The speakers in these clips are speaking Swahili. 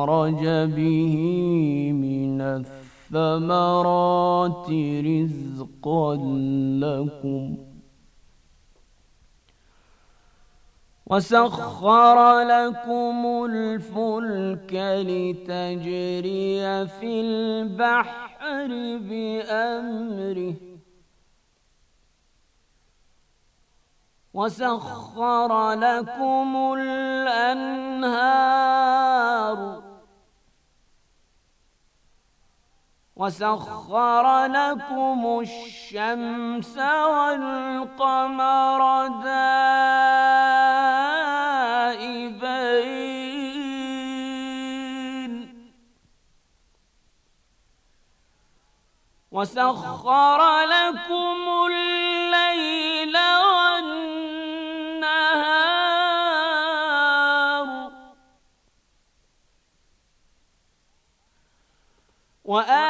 أخرج به من الثمرات رزقا لكم وسخر لكم الفلك لتجري في البحر بأمره وسخر لكم الأنهار وسخر لكم الشمس والقمر دائبين وسخر لكم الليل والنهار وآل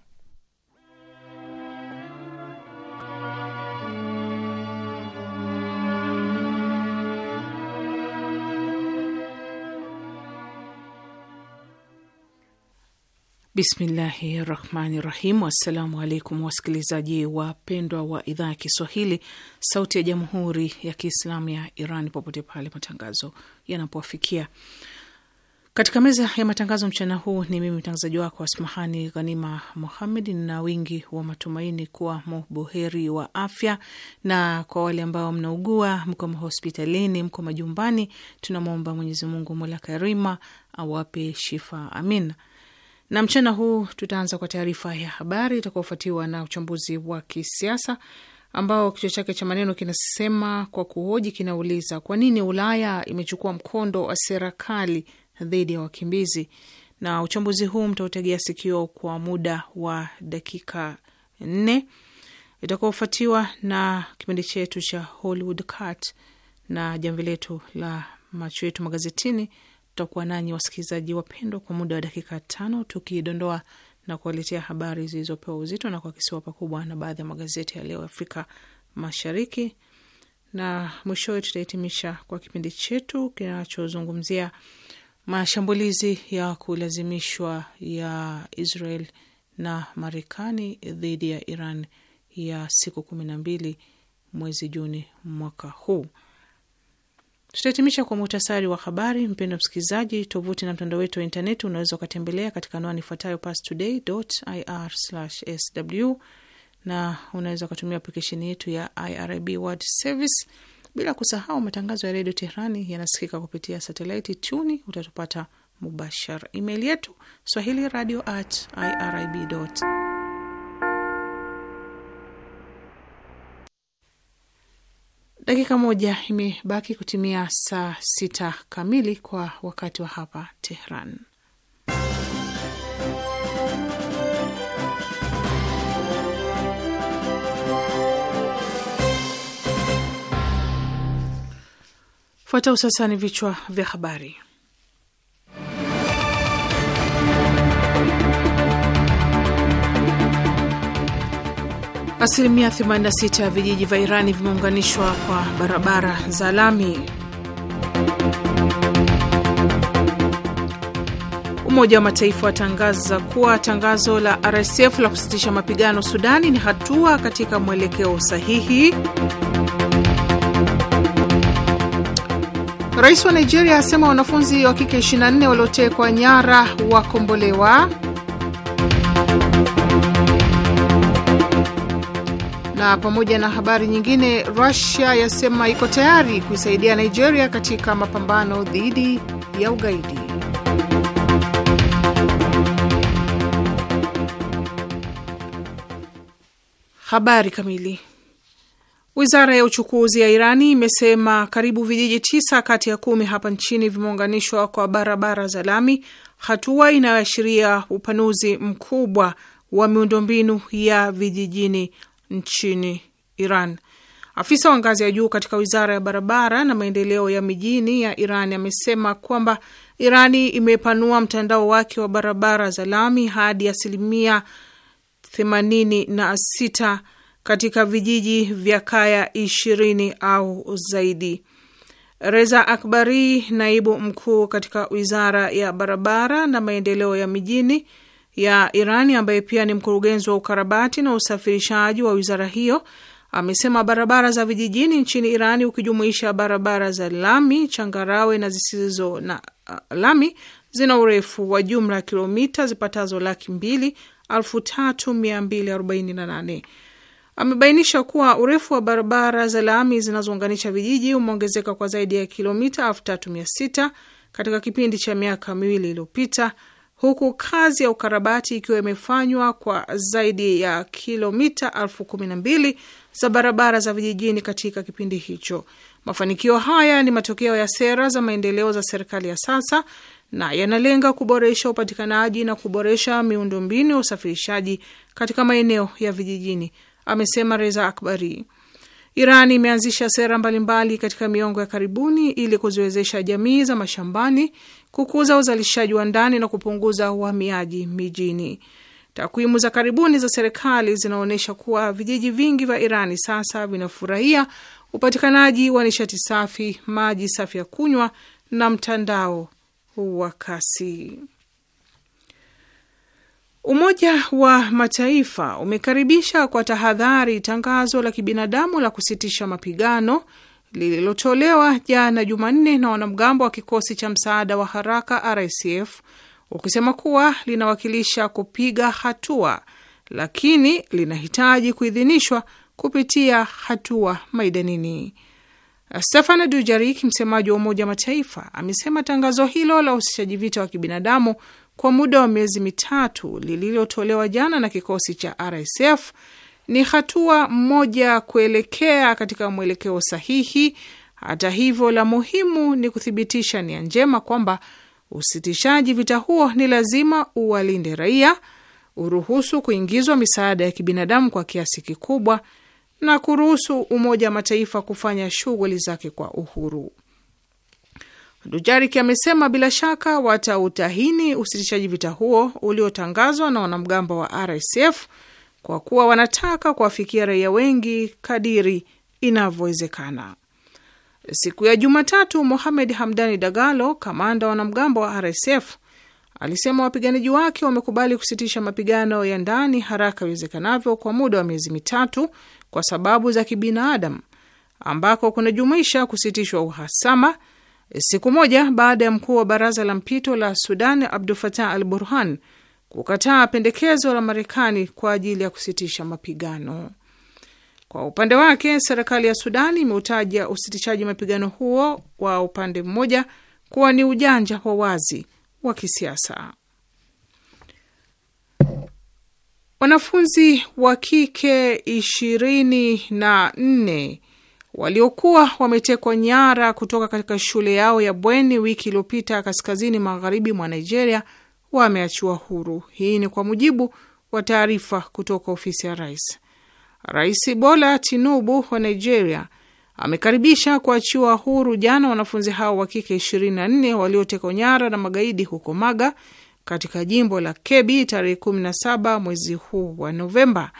Bismillahi rahmani rahim. Assalamu alaikum wasikilizaji wapendwa wa idhaa ya Kiswahili sauti ya jamhuri ya Kiislamu ya Iran popote pale matangazo yanapowafikia. Katika meza ya matangazo mchana huu ni mimi mtangazaji wako Asmahani Ghanima Muhammed, na wingi wa matumaini kuwa mubuheri wa afya, na kwa wale ambao mnaugua, mko mahospitalini, mko majumbani, tunamwomba Mwenyezi Mungu mola karima awape shifa, amin na mchana huu tutaanza kwa taarifa ya habari itakaofuatiwa na uchambuzi wa kisiasa ambao kichwa chake cha maneno kinasema kwa kuhoji, kinauliza kwa nini Ulaya imechukua mkondo wa serikali dhidi ya wakimbizi. Na uchambuzi huu mtautegea sikio kwa muda wa dakika nne, itakaofuatiwa na kipindi chetu cha Hollywood Cut na jamvi letu la macho yetu magazetini tutakuwa nanyi wasikilizaji wapendwa, kwa muda wa dakika tano tukidondoa na kuwaletea habari zilizopewa uzito na kuakisiwa pakubwa na baadhi ya magazeti ya leo Afrika Mashariki, na mwishowe tutahitimisha kwa kipindi chetu kinachozungumzia mashambulizi ya kulazimishwa ya Israel na Marekani dhidi ya Iran ya siku kumi na mbili mwezi Juni mwaka huu. Tutahitimisha kwa muhtasari wa habari. Mpendo msikilizaji, tovuti na mtandao wetu wa intaneti unaweza ukatembelea katika anwani ifuatayo pastoday.ir/sw, na unaweza ukatumia aplikesheni yetu ya IRIB World Service, bila kusahau matangazo ya redio Teherani yanasikika kupitia satelaiti tuni, utatupata mubashara. Email yetu swahili radio at irib dakika moja imebaki kutimia saa sita kamili kwa wakati wa hapa Tehran. Fuatao sasa ni vichwa vya habari. Asilimia 86 ya vijiji vya Irani vimeunganishwa kwa barabara za lami. Umoja wa Mataifa watangaza kuwa tangazo la RSF la kusitisha mapigano Sudani ni hatua katika mwelekeo sahihi. Rais wa Nigeria asema wanafunzi wa kike 24 waliotekwa nyara wakombolewa. na pamoja na habari nyingine, Russia yasema iko tayari kuisaidia Nigeria katika mapambano dhidi ya ugaidi. Habari kamili. Wizara ya uchukuzi ya Irani imesema karibu vijiji tisa kati ya kumi hapa nchini vimeunganishwa kwa barabara za lami, hatua inayoashiria upanuzi mkubwa wa miundombinu ya vijijini nchini Iran. Afisa wa ngazi ya juu katika wizara ya barabara na maendeleo ya mijini ya Iran amesema kwamba Irani imepanua mtandao wake wa barabara za lami hadi asilimia 86 katika vijiji vya kaya 20 au zaidi. Reza Akbari, naibu mkuu katika wizara ya barabara na maendeleo ya mijini ya Irani ambaye pia ni mkurugenzi wa ukarabati na usafirishaji wa wizara hiyo amesema barabara za vijijini nchini Irani ukijumuisha barabara za lami, changarawe na zisizo na uh, lami zina urefu wa jumla ya kilomita zipatazo laki mbili elfu tatu mia mbili arobaini na nane. Amebainisha kuwa urefu wa barabara za lami zinazounganisha vijiji umeongezeka kwa zaidi ya kilomita elfu tatu mia sita katika kipindi cha miaka miwili iliyopita huku kazi ya ukarabati ikiwa imefanywa kwa zaidi ya kilomita elfu kumi na mbili za barabara za vijijini katika kipindi hicho. Mafanikio haya ni matokeo ya sera za maendeleo za serikali ya sasa na yanalenga kuboresha upatikanaji na kuboresha miundombinu ya usafirishaji katika maeneo ya vijijini, amesema Reza Akbari. Iran imeanzisha sera mbalimbali katika miongo ya karibuni ili kuziwezesha jamii za mashambani kukuza uzalishaji wa ndani na kupunguza uhamiaji mijini. Takwimu za karibuni za serikali zinaonyesha kuwa vijiji vingi vya Irani sasa vinafurahia upatikanaji wa nishati safi, maji safi ya kunywa na mtandao wa kasi. Umoja wa Mataifa umekaribisha kwa tahadhari tangazo la kibinadamu la kusitisha mapigano lililotolewa jana Jumanne na wanamgambo wa kikosi cha msaada wa haraka RSF ukisema kuwa linawakilisha kupiga hatua, lakini linahitaji kuidhinishwa kupitia hatua maidanini. Stefan Dujarik, msemaji wa Umoja Mataifa, amesema tangazo hilo la usitishaji vita wa kibinadamu kwa muda wa miezi mitatu lililotolewa jana na kikosi cha RSF ni hatua mmoja kuelekea katika mwelekeo sahihi. Hata hivyo, la muhimu ni kuthibitisha nia njema kwamba usitishaji vita huo ni lazima uwalinde raia, uruhusu kuingizwa misaada ya kibinadamu kwa kiasi kikubwa, na kuruhusu Umoja wa Mataifa kufanya shughuli zake kwa uhuru. Dujarik amesema bila shaka watautahini usitishaji vita huo uliotangazwa na wanamgambo wa RSF kwa kuwa wanataka kuwafikia raia wengi kadiri inavyowezekana. Siku ya Jumatatu, Mohamed Hamdani Dagalo, kamanda wanamgambo wa RSF, alisema wapiganaji wake wamekubali kusitisha mapigano ya ndani haraka iwezekanavyo kwa muda wa miezi mitatu kwa sababu za kibinadamu, ambako kunajumuisha kusitishwa uhasama, siku moja baada ya mkuu wa baraza la mpito la Sudan Abdul Fatah al Burhan kukataa pendekezo la Marekani kwa ajili ya kusitisha mapigano. Kwa upande wake, serikali ya Sudani imeutaja usitishaji mapigano huo wa upande mmoja kuwa ni ujanja wa wazi wa kisiasa. Wanafunzi wa kike ishirini na nne waliokuwa wametekwa nyara kutoka katika shule yao ya bweni wiki iliyopita kaskazini magharibi mwa Nigeria wameachiwa huru. Hii ni kwa mujibu wa taarifa kutoka ofisi ya rais. Rais Bola Tinubu wa Nigeria amekaribisha kuachiwa huru jana wanafunzi hao wa kike 24 waliotekwa nyara na magaidi huko Maga katika jimbo la Kebi tarehe 17 mwezi huu wa Novemba,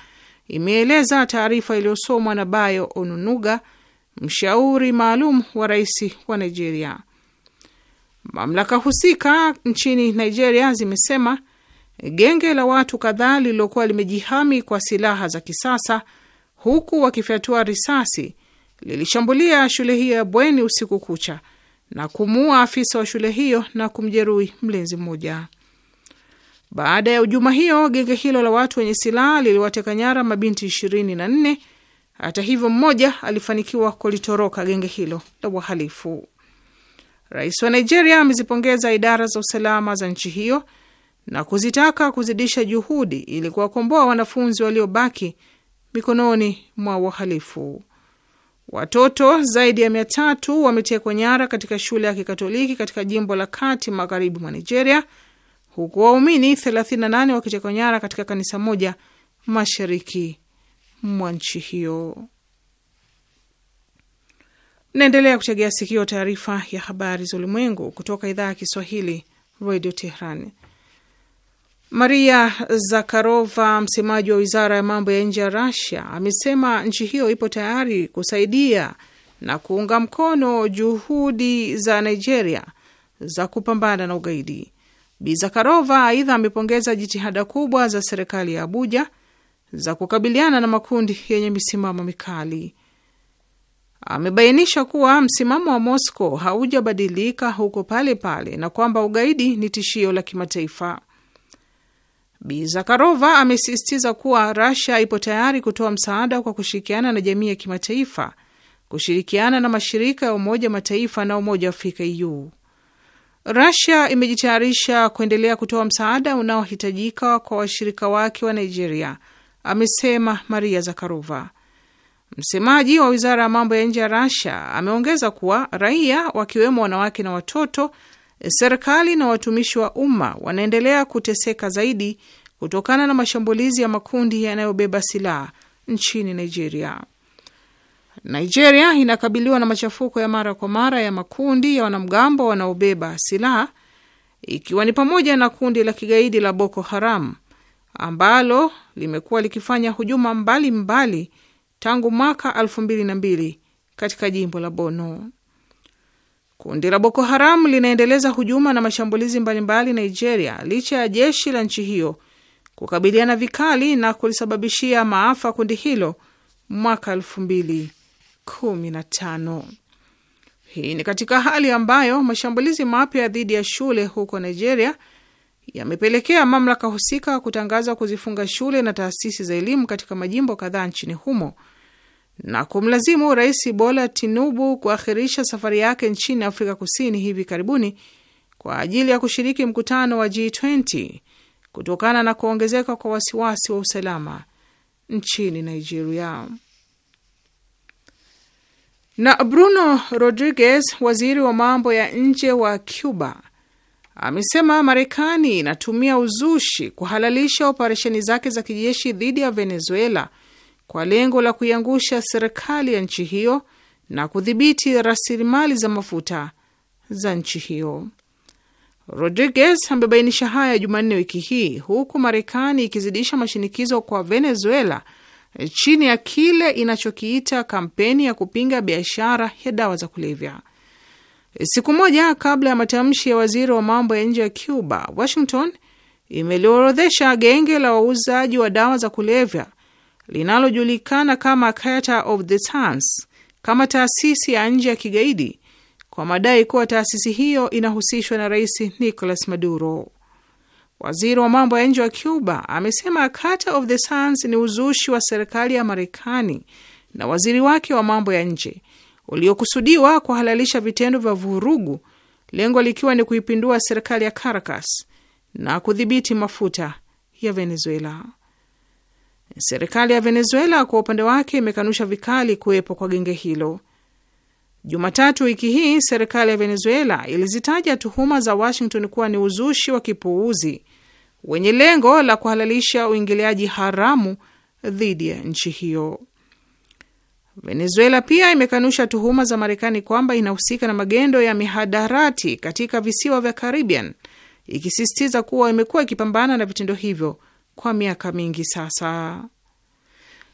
imeeleza taarifa iliyosomwa na Bayo Onunuga, mshauri maalum wa rais wa Nigeria. Mamlaka husika nchini Nigeria zimesema genge la watu kadhaa lililokuwa limejihami kwa silaha za kisasa huku wakifyatua risasi lilishambulia shule hiyo ya bweni usiku kucha na kumuua afisa wa shule hiyo na kumjeruhi mlinzi mmoja. Baada ya hujuma hiyo, genge hilo la watu wenye silaha liliwateka nyara mabinti ishirini na nne. Hata hivyo, mmoja alifanikiwa kulitoroka genge hilo la wahalifu. Rais wa Nigeria amezipongeza idara za usalama za nchi hiyo na kuzitaka kuzidisha juhudi ili kuwakomboa wanafunzi waliobaki mikononi mwa wahalifu. Watoto zaidi ya mia tatu wametekwa nyara katika shule ya Kikatoliki katika jimbo la kati magharibi mwa Nigeria, huku waumini 38 wakitekwa nyara katika kanisa moja mashariki mwa nchi hiyo. Naendelea kutegea sikio taarifa ya habari za ulimwengu kutoka idhaa ya Kiswahili, Radio Tehran. Maria Zakharova, msemaji wa wizara ya mambo ya nje ya Russia, amesema nchi hiyo ipo tayari kusaidia na kuunga mkono juhudi za Nigeria za kupambana na ugaidi. Bi Zakharova aidha amepongeza jitihada kubwa za serikali ya Abuja za kukabiliana na makundi yenye misimamo mikali amebainisha kuwa msimamo wa Moscow haujabadilika huko pale pale na kwamba ugaidi ni tishio la kimataifa. Bi Zakarova amesisitiza kuwa Russia ipo tayari kutoa msaada kwa kushirikiana na jamii ya kimataifa, kushirikiana na mashirika ya Umoja Mataifa na Umoja wa Afrika e u Russia imejitayarisha kuendelea kutoa msaada unaohitajika kwa washirika wake wa Nigeria, amesema Maria Zakarova. Msemaji wa wizara ya mambo ya nje ya Russia ameongeza kuwa raia wakiwemo wanawake na watoto, serikali na watumishi wa umma wanaendelea kuteseka zaidi kutokana na mashambulizi ya makundi yanayobeba silaha nchini Nigeria. Nigeria inakabiliwa na machafuko ya mara kwa mara ya makundi ya wanamgambo wanaobeba silaha ikiwa ni pamoja na kundi la kigaidi la Boko Haram ambalo limekuwa likifanya hujuma mbalimbali mbali tangu mwaka elfu mbili na mbili katika jimbo la Bono. Kundi la Boko Haram linaendeleza hujuma na mashambulizi mbalimbali Nigeria licha ya jeshi la nchi hiyo kukabiliana vikali na kulisababishia maafa kundi hilo mwaka elfu mbili kumi na tano. Hii ni katika hali ambayo mashambulizi mapya dhidi ya shule huko Nigeria yamepelekea mamlaka husika kutangaza kuzifunga shule na taasisi za elimu katika majimbo kadhaa nchini humo na kumlazimu Rais Bola Tinubu kuakhirisha safari yake nchini Afrika Kusini hivi karibuni kwa ajili ya kushiriki mkutano wa G20 kutokana na kuongezeka kwa wasiwasi wa usalama nchini Nigeria. Na Bruno Rodriguez, waziri wa mambo ya nje wa Cuba, amesema Marekani inatumia uzushi kuhalalisha operesheni zake za kijeshi dhidi ya Venezuela kwa lengo la kuiangusha serikali ya nchi hiyo na kudhibiti rasilimali za mafuta za nchi hiyo. Rodriguez amebainisha haya Jumanne wiki hii huku Marekani ikizidisha mashinikizo kwa Venezuela chini ya kile inachokiita kampeni ya kupinga biashara ya dawa za kulevya. Siku moja kabla ya matamshi ya waziri wa mambo ya nje ya Cuba, Washington imeliorodhesha genge la wauzaji wa dawa za kulevya linalojulikana kama Charter of the Sons kama taasisi ya nje ya kigaidi kwa madai kuwa taasisi hiyo inahusishwa na Rais Nicolas Maduro. Waziri wa mambo ya nje wa Cuba amesema Charter of the Sons ni uzushi wa serikali ya Marekani na waziri wake wa mambo ya nje uliokusudiwa kuhalalisha vitendo vya vurugu, lengo likiwa ni kuipindua serikali ya Caracas na kudhibiti mafuta ya Venezuela. Serikali ya Venezuela kwa upande wake imekanusha vikali kuwepo kwa genge hilo. Jumatatu wiki hii, serikali ya Venezuela ilizitaja tuhuma za Washington kuwa ni uzushi wa kipuuzi wenye lengo la kuhalalisha uingiliaji haramu dhidi ya nchi hiyo. Venezuela pia imekanusha tuhuma za Marekani kwamba inahusika na magendo ya mihadarati katika visiwa vya Caribbean, ikisisitiza kuwa imekuwa ikipambana na vitendo hivyo kwa miaka mingi sasa.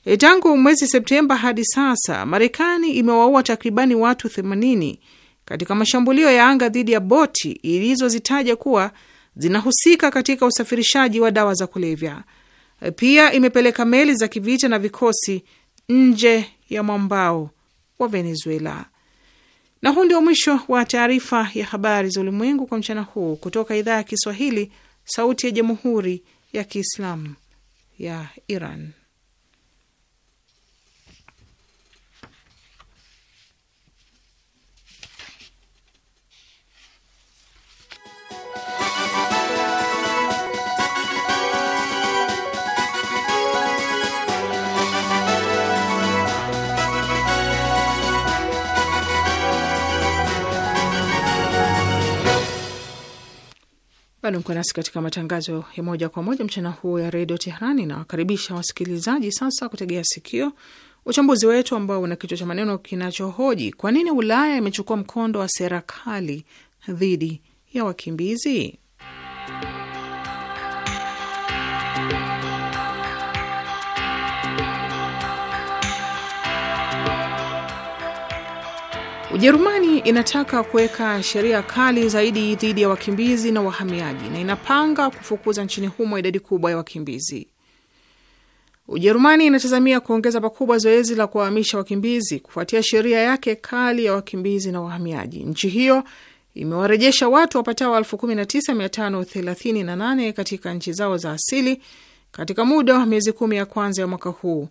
E, tangu mwezi Septemba hadi sasa, Marekani imewaua takribani watu 80 katika mashambulio ya anga dhidi ya boti ilizozitaja kuwa zinahusika katika usafirishaji wa dawa za kulevya. E, pia imepeleka meli za kivita na vikosi nje ya mwambao wa Venezuela. Na huu ndio mwisho wa taarifa ya habari za ulimwengu kwa mchana huu kutoka idhaa ya Kiswahili, Sauti ya Jamhuri ya Kiislamu ya Iran. Bado mko nasi katika matangazo ya moja kwa moja mchana huu ya redio Teherani. Nawakaribisha wasikilizaji sasa kutegea sikio uchambuzi wetu ambao una kichwa cha maneno kinachohoji kwa nini Ulaya imechukua mkondo wa serikali dhidi ya wakimbizi. Ujerumani inataka kuweka sheria kali zaidi dhidi ya wakimbizi na wahamiaji na inapanga kufukuza nchini humo idadi kubwa ya wakimbizi. Ujerumani inatazamia kuongeza pakubwa zoezi la kuwahamisha wakimbizi kufuatia sheria yake kali ya wakimbizi na wahamiaji. Nchi hiyo imewarejesha watu wapatao 19538 katika nchi zao za asili katika muda wa miezi kumi ya kwanza ya mwaka huu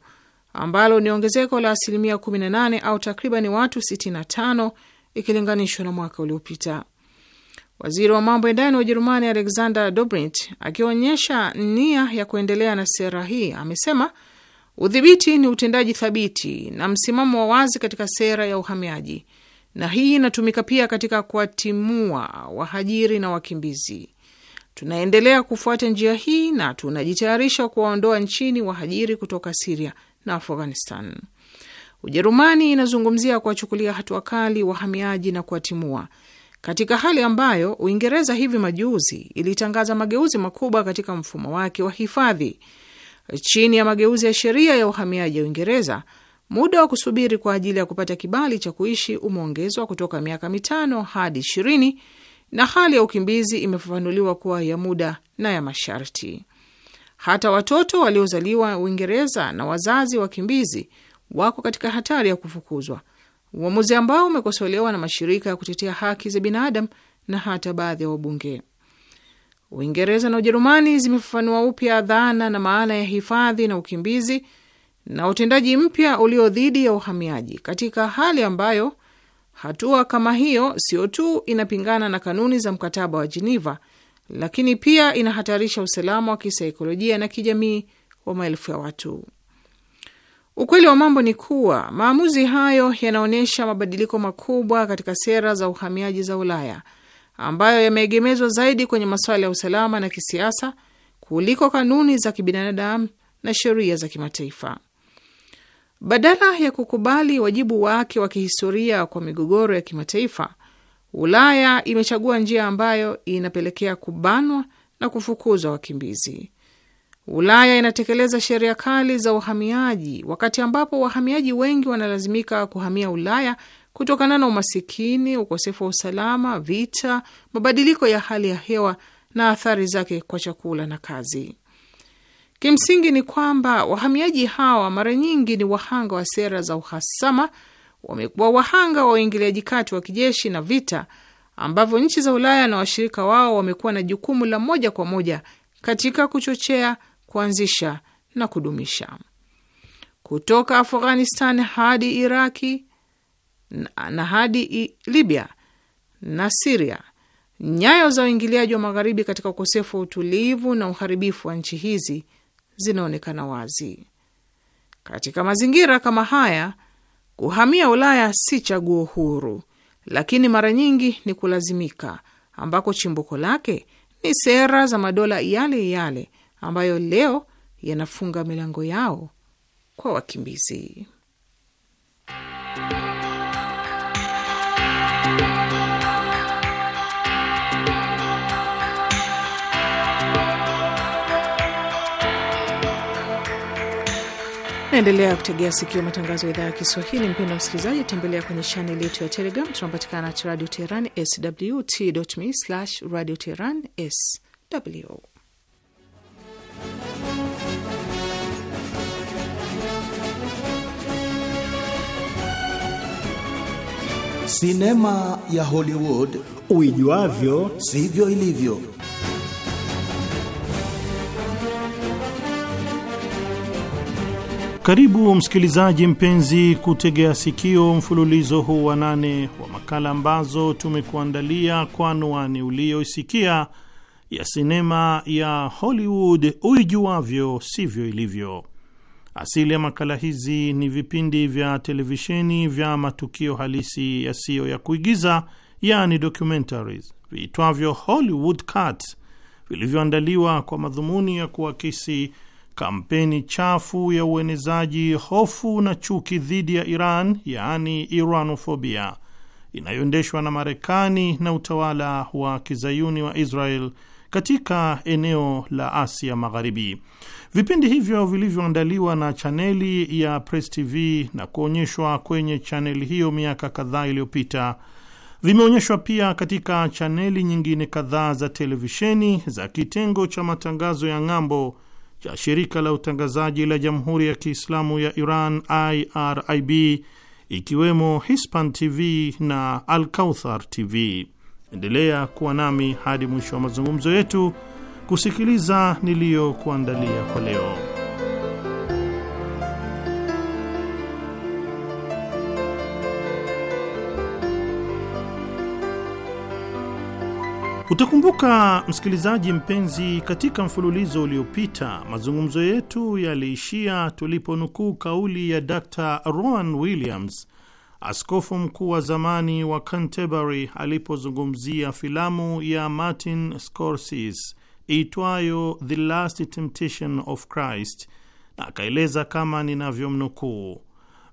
ambalo ni ongezeko la asilimia 18 au takriban watu 65 ikilinganishwa na mwaka uliopita. Waziri wa mambo ya ndani wa Ujerumani Alexander Dobrindt, akionyesha nia ya kuendelea na sera hii, amesema udhibiti ni utendaji thabiti na msimamo wa wazi katika sera ya uhamiaji, na hii inatumika pia katika kuwatimua wahajiri na wakimbizi. Tunaendelea kufuata njia hii na tunajitayarisha kuwaondoa nchini wahajiri kutoka Siria na Afghanistan. Ujerumani inazungumzia kuwachukulia hatua kali wahamiaji na kuwatimua katika hali ambayo Uingereza hivi majuzi ilitangaza mageuzi makubwa katika mfumo wake wa hifadhi. Chini ya mageuzi ya sheria ya uhamiaji ya Uingereza, muda wa kusubiri kwa ajili ya kupata kibali cha kuishi umeongezwa kutoka miaka mitano hadi ishirini na hali ya ukimbizi imefafanuliwa kuwa ya muda na ya masharti. Hata watoto waliozaliwa Uingereza na wazazi wakimbizi wako katika hatari ya kufukuzwa, uamuzi ambao umekosolewa na mashirika ya kutetea haki za binadamu na hata baadhi ya wabunge. Uingereza na Ujerumani zimefafanua upya dhana na maana ya hifadhi na ukimbizi na utendaji mpya ulio dhidi ya uhamiaji, katika hali ambayo hatua kama hiyo sio tu inapingana na kanuni za mkataba wa jiniva lakini pia inahatarisha usalama wa kisaikolojia na kijamii wa maelfu ya watu. Ukweli wa mambo ni kuwa maamuzi hayo yanaonyesha mabadiliko makubwa katika sera za uhamiaji za Ulaya ambayo yameegemezwa zaidi kwenye masuala ya usalama na kisiasa kuliko kanuni za kibinadamu na sheria za kimataifa. Badala ya kukubali wajibu wake wa kihistoria kwa migogoro ya kimataifa, Ulaya imechagua njia ambayo inapelekea kubanwa na kufukuzwa wakimbizi. Ulaya inatekeleza sheria kali za uhamiaji, wakati ambapo wahamiaji wengi wanalazimika kuhamia Ulaya kutokana na umasikini, ukosefu wa usalama, vita, mabadiliko ya hali ya hewa na athari zake kwa chakula na kazi. Kimsingi ni kwamba wahamiaji hawa mara nyingi ni wahanga wa sera za uhasama wamekuwa wahanga wa uingiliaji kati wa kijeshi na vita ambavyo nchi za Ulaya na washirika wao wamekuwa na jukumu la moja kwa moja katika kuchochea, kuanzisha na kudumisha. Kutoka Afghanistan hadi Iraki na, hadi Libya na Siria, nyayo za uingiliaji wa Magharibi katika ukosefu wa utulivu na uharibifu wa nchi hizi zinaonekana wazi. Katika mazingira kama haya Kuhamia Ulaya si chaguo huru, lakini mara nyingi ni kulazimika, ambako chimbuko lake ni sera za madola yale yale ambayo leo yanafunga milango yao kwa wakimbizi. Naendelea kutegea sikio matangazo ya idhaa ya Kiswahili. wa msikilizaji, tembelea kwenye chaneli yetu ya Telegram, tunapatikana at Radio Teheran sw t.me slash Radio Teheran sw. Sinema ya Hollywood uijuavyo sivyo ilivyo. Karibu msikilizaji mpenzi kutegea sikio mfululizo huu wa nane wa makala ambazo tumekuandalia kwa anwani uliyoisikia ya sinema ya Hollywood uijuavyo sivyo ilivyo. Asili ya makala hizi ni vipindi vya televisheni vya matukio halisi yasiyo ya kuigiza, yani documentaries, viitwavyo Hollywood Cut, vilivyoandaliwa kwa madhumuni ya kuakisi kampeni chafu ya uenezaji hofu na chuki dhidi ya Iran, yaani Iranofobia, inayoendeshwa na Marekani na utawala wa kizayuni wa Israel katika eneo la Asia Magharibi. Vipindi hivyo vilivyoandaliwa na chaneli ya Press TV na kuonyeshwa kwenye chaneli hiyo miaka kadhaa iliyopita vimeonyeshwa pia katika chaneli nyingine kadhaa za televisheni za kitengo cha matangazo ya ng'ambo cha shirika la utangazaji la Jamhuri ya Kiislamu ya Iran IRIB ikiwemo Hispan TV na Alkauthar TV. Endelea kuwa nami hadi mwisho wa mazungumzo yetu kusikiliza niliyokuandalia kwa leo. Utakumbuka msikilizaji mpenzi, katika mfululizo uliopita mazungumzo yetu yaliishia tuliponukuu kauli ya Dr. Rowan Williams, askofu mkuu wa zamani wa Canterbury, alipozungumzia filamu ya Martin Scorsese iitwayo The Last Temptation of Christ, na akaeleza kama ninavyomnukuu: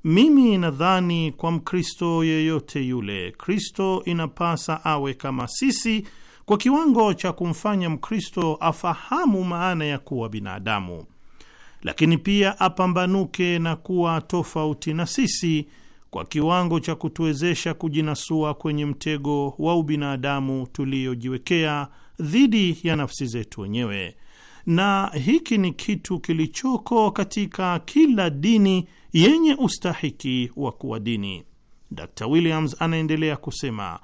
mimi nadhani kwa Mkristo yeyote yule, Kristo inapasa awe kama sisi kwa kiwango cha kumfanya Mkristo afahamu maana ya kuwa binadamu, lakini pia apambanuke na kuwa tofauti na sisi kwa kiwango cha kutuwezesha kujinasua kwenye mtego wa ubinadamu tuliyojiwekea dhidi ya nafsi zetu wenyewe. Na hiki ni kitu kilichoko katika kila dini yenye ustahiki wa kuwa dini. Dr Williams anaendelea kusema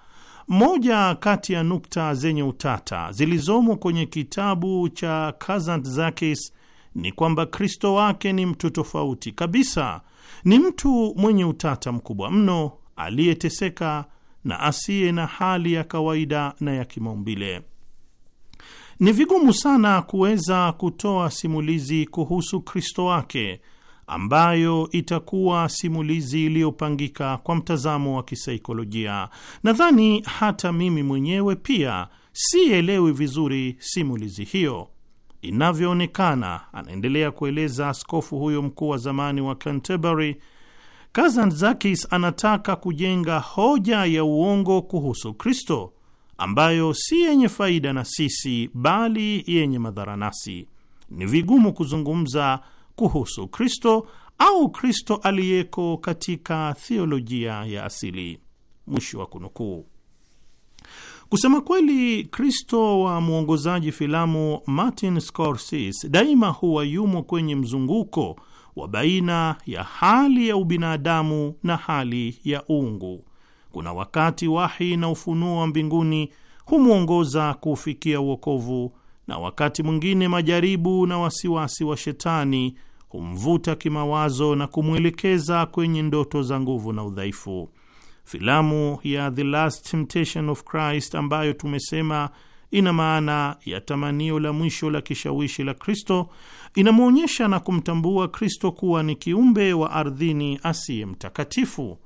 moja kati ya nukta zenye utata zilizomo kwenye kitabu cha Kazantzakis ni kwamba Kristo wake ni mtu tofauti kabisa, ni mtu mwenye utata mkubwa mno, aliyeteseka na asiye na hali ya kawaida na ya kimaumbile. Ni vigumu sana kuweza kutoa simulizi kuhusu Kristo wake ambayo itakuwa simulizi iliyopangika kwa mtazamo wa kisaikolojia. Nadhani hata mimi mwenyewe pia sielewi vizuri simulizi hiyo inavyoonekana, anaendelea kueleza askofu huyo mkuu wa zamani wa Canterbury. Kazantzakis anataka kujenga hoja ya uongo kuhusu Kristo ambayo si yenye faida na sisi bali yenye madhara nasi. Ni vigumu kuzungumza kuhusu Kristo au Kristo aliyeko katika theolojia ya asili. Mwisho wa kunukuu. Kusema kweli, Kristo wa mwongozaji filamu Martin Scorsese daima huwa yumo kwenye mzunguko wa baina ya hali ya ubinadamu na hali ya uungu. Kuna wakati wahi na ufunuo wa mbinguni humwongoza kufikia uokovu, na wakati mwingine majaribu na wasiwasi wa shetani kumvuta kimawazo na kumwelekeza kwenye ndoto za nguvu na udhaifu. Filamu ya The Last Temptation of Christ ambayo tumesema ina maana ya tamanio la mwisho la kishawishi la Kristo, inamwonyesha na kumtambua Kristo kuwa ni kiumbe wa ardhini asiye mtakatifu.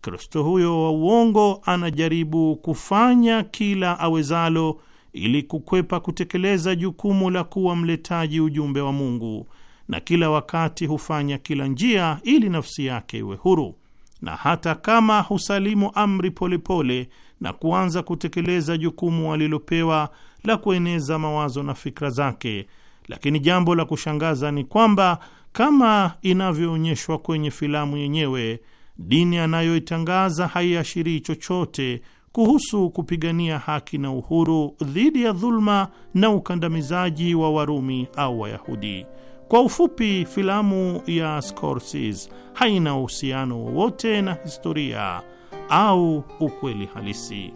Kristo huyo wa uongo anajaribu kufanya kila awezalo ili kukwepa kutekeleza jukumu la kuwa mletaji ujumbe wa Mungu na kila wakati hufanya kila njia ili nafsi yake iwe huru, na hata kama husalimu amri polepole pole, na kuanza kutekeleza jukumu alilopewa la kueneza mawazo na fikra zake. Lakini jambo la kushangaza ni kwamba kama inavyoonyeshwa kwenye filamu yenyewe, dini anayoitangaza haiashirii chochote kuhusu kupigania haki na uhuru dhidi ya dhuluma na ukandamizaji wa Warumi au Wayahudi. Kwa ufupi, filamu ya Scorsese haina uhusiano wowote na historia au ukweli halisi.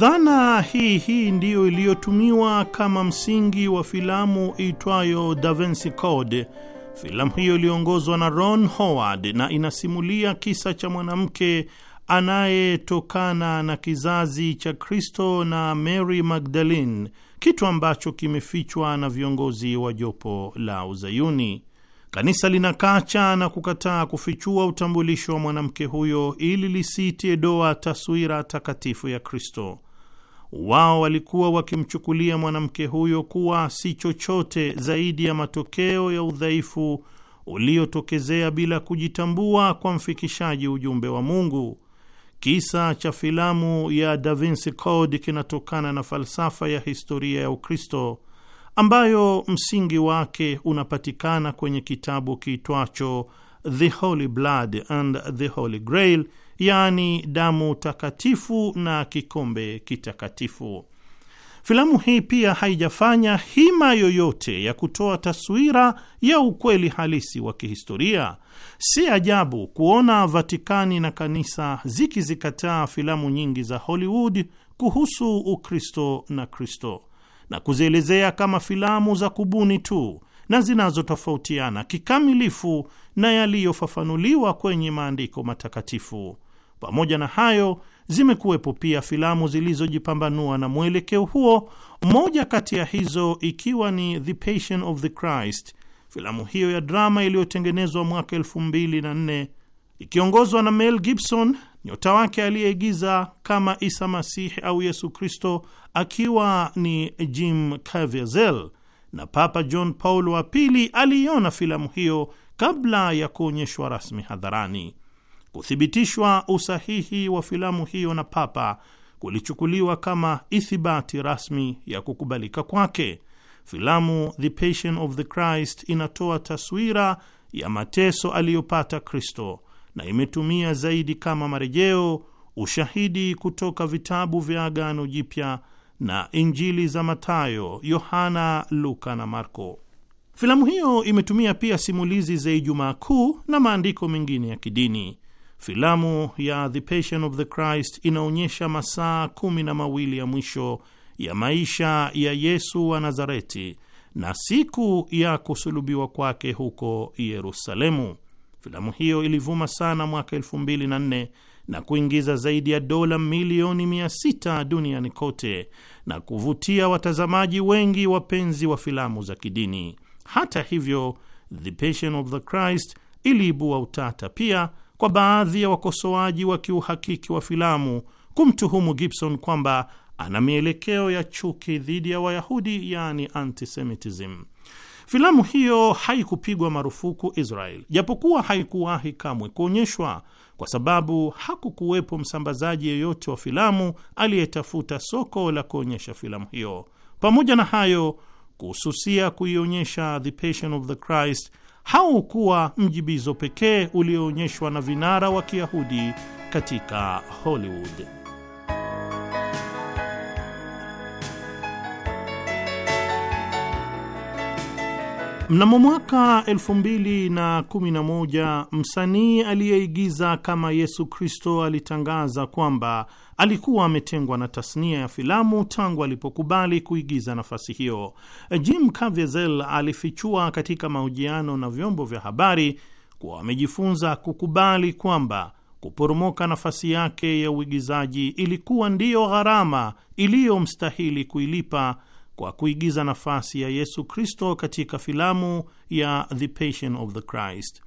Dhana hii hii ndiyo iliyotumiwa kama msingi wa filamu iitwayo Da Vinci Code. Filamu hiyo iliongozwa na Ron Howard na inasimulia kisa cha mwanamke anayetokana na kizazi cha Kristo na Mary Magdalene, kitu ambacho kimefichwa na viongozi wa jopo la Uzayuni. Kanisa linakacha na kukataa kufichua utambulisho wa mwanamke huyo ili lisiitie doa taswira takatifu ya Kristo wao walikuwa wakimchukulia mwanamke huyo kuwa si chochote zaidi ya matokeo ya udhaifu uliotokezea bila kujitambua kwa mfikishaji ujumbe wa Mungu. Kisa cha filamu ya Da Vinci Code kinatokana na falsafa ya historia ya Ukristo ambayo msingi wake unapatikana kwenye kitabu kiitwacho The Holy Blood and the Holy Grail yaani damu takatifu na kikombe kitakatifu. Filamu hii pia haijafanya hima yoyote ya kutoa taswira ya ukweli halisi wa kihistoria. Si ajabu kuona Vatikani na kanisa zikizikataa filamu nyingi za Hollywood kuhusu Ukristo na Kristo na kuzielezea kama filamu za kubuni tu na zinazotofautiana kikamilifu na yaliyofafanuliwa kwenye maandiko matakatifu. Pamoja na hayo, zimekuwepo pia filamu zilizojipambanua na mwelekeo huo, moja kati ya hizo ikiwa ni The Passion of the Christ. Filamu hiyo ya drama iliyotengenezwa mwaka elfu mbili na nne ikiongozwa na Mel Gibson, nyota wake aliyeigiza kama Isa Masihi au Yesu Kristo akiwa ni Jim Caviezel, na Papa John Paul wa pili aliiona filamu hiyo kabla ya kuonyeshwa rasmi hadharani. Kuthibitishwa usahihi wa filamu hiyo na Papa kulichukuliwa kama ithibati rasmi ya kukubalika kwake. Filamu The Passion of the Christ inatoa taswira ya mateso aliyopata Kristo na imetumia zaidi kama marejeo ushahidi kutoka vitabu vya Agano Jipya na Injili za matayo Yohana, Luka na Marko. Filamu hiyo imetumia pia simulizi za Ijumaa Kuu na maandiko mengine ya kidini. Filamu ya The Passion of the Christ inaonyesha masaa kumi na mawili ya mwisho ya maisha ya Yesu wa Nazareti na siku ya kusulubiwa kwake huko Yerusalemu. Filamu hiyo ilivuma sana mwaka elfu mbili na nne na kuingiza zaidi ya dola milioni mia sita duniani kote na kuvutia watazamaji wengi wapenzi wa filamu za kidini. Hata hivyo, The Passion of the Christ iliibua utata pia kwa baadhi ya wakosoaji wa kiuhakiki wa filamu kumtuhumu Gibson kwamba ana mielekeo ya chuki dhidi ya Wayahudi, yani antisemitism. Filamu hiyo haikupigwa marufuku Israel, japokuwa haikuwahi kamwe kuonyeshwa kwa sababu hakukuwepo msambazaji yeyote wa filamu aliyetafuta soko la kuonyesha filamu hiyo. Pamoja na hayo, kuhususia kuionyesha The Passion of the Christ haukuwa mjibizo pekee ulioonyeshwa na vinara wa Kiyahudi katika Hollywood. Mnamo mwaka 2011 msanii aliyeigiza kama Yesu Kristo alitangaza kwamba alikuwa ametengwa na tasnia ya filamu tangu alipokubali kuigiza nafasi hiyo. Jim Caviezel alifichua katika mahojiano na vyombo vya habari kuwa amejifunza kukubali kwamba kuporomoka nafasi yake ya uigizaji ilikuwa ndiyo gharama iliyomstahili kuilipa kwa kuigiza nafasi ya Yesu Kristo katika filamu ya The Passion of the Christ.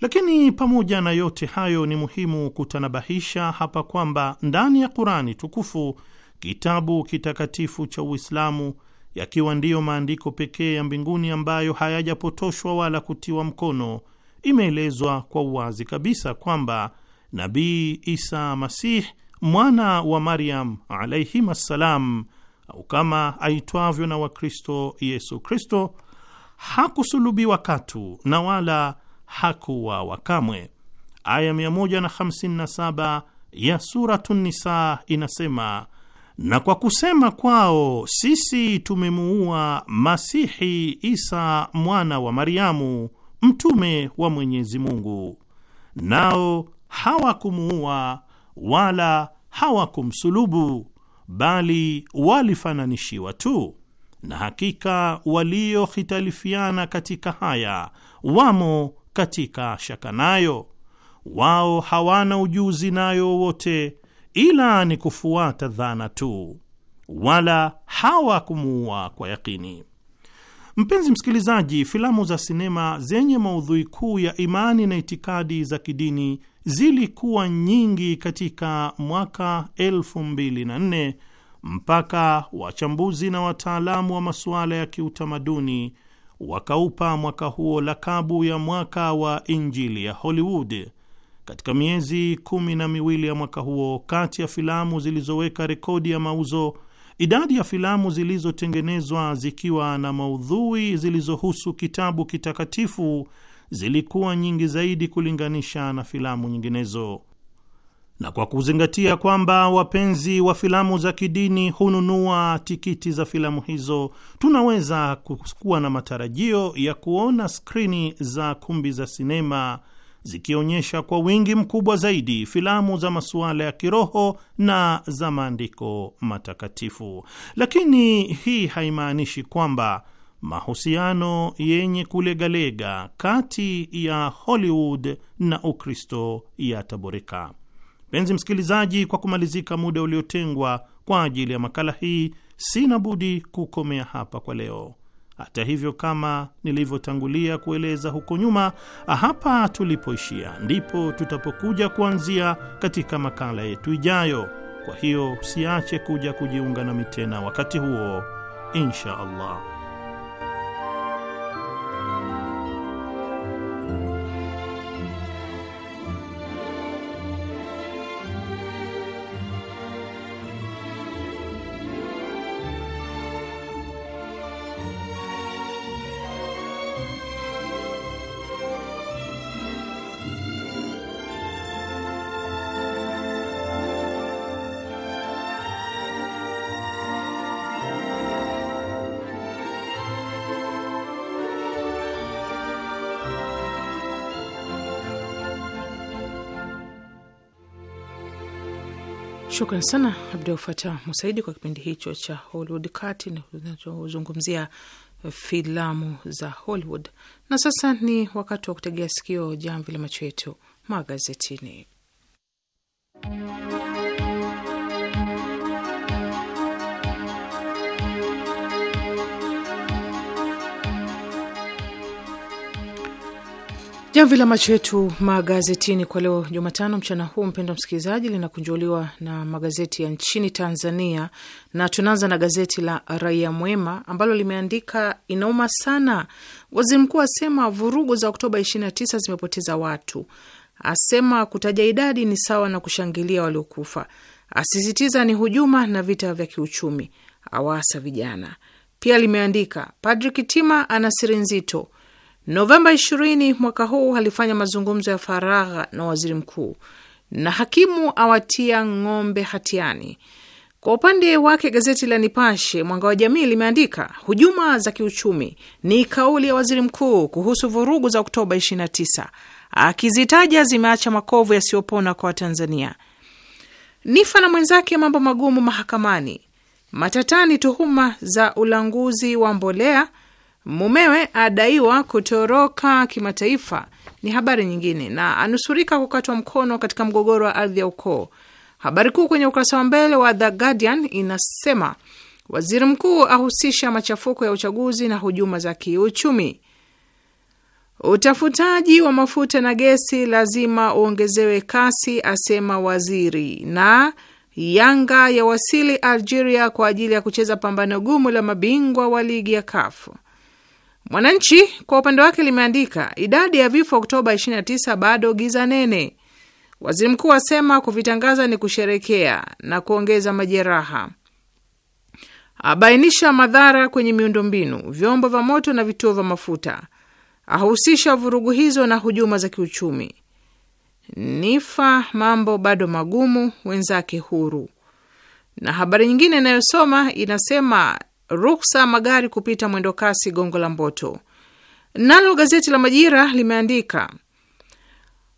Lakini pamoja na yote hayo, ni muhimu kutanabahisha hapa kwamba ndani ya qurani tukufu, kitabu kitakatifu cha Uislamu, yakiwa ndiyo maandiko pekee ya mbinguni ambayo hayajapotoshwa wala kutiwa mkono, imeelezwa kwa uwazi kabisa kwamba Nabii Isa Masih mwana wa Maryam alaihim assalam, au kama aitwavyo na Wakristo Yesu Kristo, hakusulubiwa katu na wala hakuwa kamwe. Aya 157 ya Suratu Nisa inasema, na kwa kusema kwao sisi tumemuua Masihi Isa mwana wa Mariamu, mtume wa Mwenyezi Mungu, nao hawakumuua wala hawakumsulubu, bali walifananishiwa tu, na hakika waliohitalifiana katika haya wamo katika shaka nayo, wao hawana ujuzi nayo wowote, ila ni kufuata dhana tu, wala hawakumuua kwa yakini. Mpenzi msikilizaji, filamu za sinema zenye maudhui kuu ya imani na itikadi za kidini zilikuwa nyingi katika mwaka 2004 mpaka wachambuzi na wataalamu wa masuala ya kiutamaduni wakaupa mwaka huo lakabu ya mwaka wa Injili ya Hollywood. Katika miezi kumi na miwili ya mwaka huo, kati ya filamu zilizoweka rekodi ya mauzo, idadi ya filamu zilizotengenezwa zikiwa na maudhui zilizohusu kitabu kitakatifu zilikuwa nyingi zaidi kulinganisha na filamu nyinginezo na kwa kuzingatia kwamba wapenzi wa filamu za kidini hununua tikiti za filamu hizo, tunaweza kuwa na matarajio ya kuona skrini za kumbi za sinema zikionyesha kwa wingi mkubwa zaidi filamu za masuala ya kiroho na za maandiko matakatifu. Lakini hii haimaanishi kwamba mahusiano yenye kulegalega kati ya Hollywood na Ukristo yataboreka. Mpenzi msikilizaji, kwa kumalizika muda uliotengwa kwa ajili ya makala hii, sina budi kukomea hapa kwa leo. Hata hivyo, kama nilivyotangulia kueleza huko nyuma, hapa tulipoishia ndipo tutapokuja kuanzia katika makala yetu ijayo. Kwa hiyo usiache kuja kujiunga nami tena wakati huo, insha Allah. Shukran sana Abdul Fatah Musaidi kwa kipindi hicho cha Hollywood kati nachozungumzia filamu za Hollywood. Na sasa ni wakati wa kutegea sikio jamvi la macho yetu magazetini. Jamvi la macho yetu magazetini kwa leo Jumatano mchana huu, mpendwa msikilizaji, linakunjuliwa na magazeti ya nchini Tanzania, na tunaanza na gazeti la Raia Mwema ambalo limeandika inauma sana, waziri mkuu asema vurugu za Oktoba 29 zimepoteza watu, asema kutaja idadi ni sawa na kushangilia waliokufa, asisitiza ni hujuma na vita vya kiuchumi, awaasa vijana. Pia limeandika Padri Kitima ana siri nzito Novemba 20 mwaka huu alifanya mazungumzo ya faragha na waziri mkuu na hakimu awatia ng'ombe hatiani. Kwa upande wake gazeti la Nipashe Mwanga wa Jamii limeandika hujuma za kiuchumi ni kauli ya waziri mkuu kuhusu vurugu za Oktoba 29, akizitaja zimeacha makovu yasiyopona kwa Watanzania. Nifa na mwenzake mambo magumu mahakamani, matatani tuhuma za ulanguzi wa mbolea Mumewe adaiwa kutoroka kimataifa ni habari nyingine, na anusurika kukatwa mkono katika mgogoro wa ardhi ya ukoo. Habari kuu kwenye ukurasa wa mbele wa The Guardian inasema waziri mkuu ahusisha machafuko ya uchaguzi na hujuma za kiuchumi. Utafutaji wa mafuta na gesi lazima uongezewe kasi, asema waziri. Na Yanga ya wasili Algeria kwa ajili ya kucheza pambano gumu la mabingwa wa ligi ya kafu Mwananchi kwa upande wake limeandika idadi ya vifo Oktoba 29 bado giza nene. Waziri mkuu asema kuvitangaza ni kusherekea na kuongeza majeraha, abainisha madhara kwenye miundombinu, vyombo vya moto na vituo vya mafuta, ahusisha vurugu hizo na hujuma za kiuchumi. Nifa mambo bado magumu, wenzake huru. Na habari nyingine inayosoma inasema ruksa magari kupita mwendo kasi gongo la Mboto. Nalo gazeti la Majira limeandika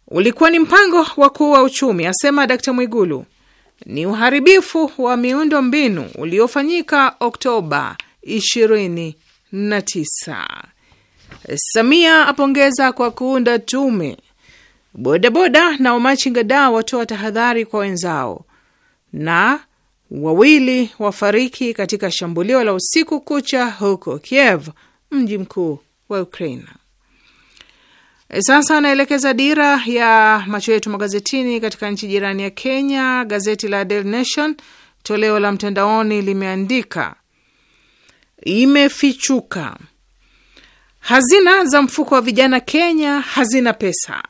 ulikuwa ni mpango wa wa uchumi, asema Dkt Mwigulu. Ni uharibifu wa miundo mbinu uliofanyika Oktoba 29. Samia apongeza kwa kuunda tume. Bodaboda na wamachinga da watoa tahadhari kwa wenzao. Na wawili wafariki katika shambulio la usiku kucha huko Kiev, mji mkuu wa Ukraine. Sasa anaelekeza dira ya macho yetu magazetini katika nchi jirani ya Kenya. Gazeti la Daily Nation toleo la mtandaoni limeandika imefichuka, hazina za mfuko wa vijana Kenya hazina pesa,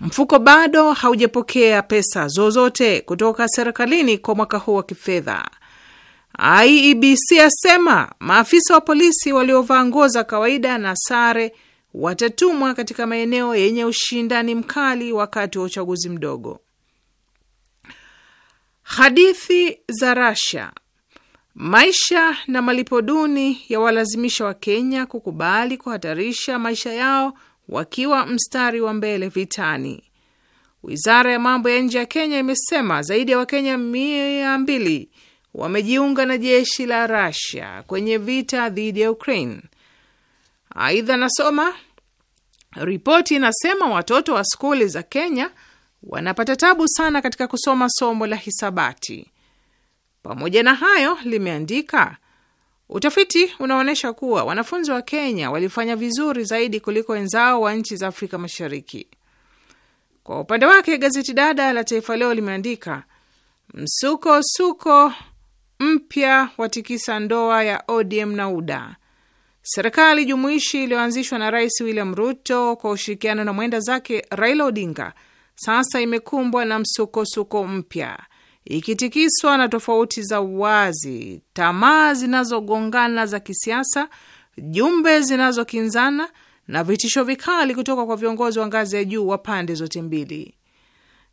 Mfuko bado haujapokea pesa zozote kutoka serikalini kwa mwaka huu wa kifedha. IEBC asema maafisa wa polisi waliovaa nguo za kawaida na sare watatumwa katika maeneo yenye ushindani mkali wakati wa uchaguzi mdogo. Hadithi za Russia, maisha na malipo duni ya walazimisha wa Kenya kukubali kuhatarisha maisha yao wakiwa mstari wa mbele vitani. Wizara ya mambo ya nje ya Kenya imesema zaidi ya Wakenya mia mbili wamejiunga na jeshi la rasia kwenye vita dhidi ya Ukraine. Aidha, nasoma ripoti inasema watoto wa skuli za Kenya wanapata tabu sana katika kusoma somo la hisabati. Pamoja na hayo, limeandika Utafiti unaonyesha kuwa wanafunzi wa Kenya walifanya vizuri zaidi kuliko wenzao wa nchi za Afrika Mashariki. Kwa upande wake, gazeti dada la Taifa Leo limeandika msukosuko mpya watikisa ndoa ya ODM na UDA. Serikali jumuishi iliyoanzishwa na Rais William Ruto kwa ushirikiano na mwenda zake Raila Odinga sasa imekumbwa na msukosuko mpya ikitikiswa na tofauti za uwazi, tamaa zinazogongana za kisiasa, jumbe zinazokinzana na vitisho vikali kutoka kwa viongozi wa ngazi ya juu wa pande zote mbili.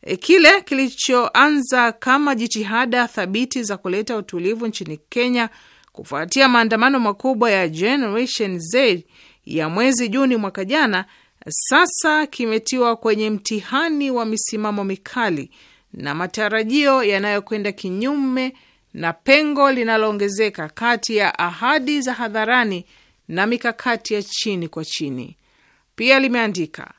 E, kile kilichoanza kama jitihada thabiti za kuleta utulivu nchini Kenya kufuatia maandamano makubwa ya Generation Z ya mwezi Juni mwaka jana, sasa kimetiwa kwenye mtihani wa misimamo mikali na matarajio yanayokwenda kinyume na pengo linaloongezeka kati ya ahadi za hadharani na mikakati ya chini kwa chini. Pia limeandika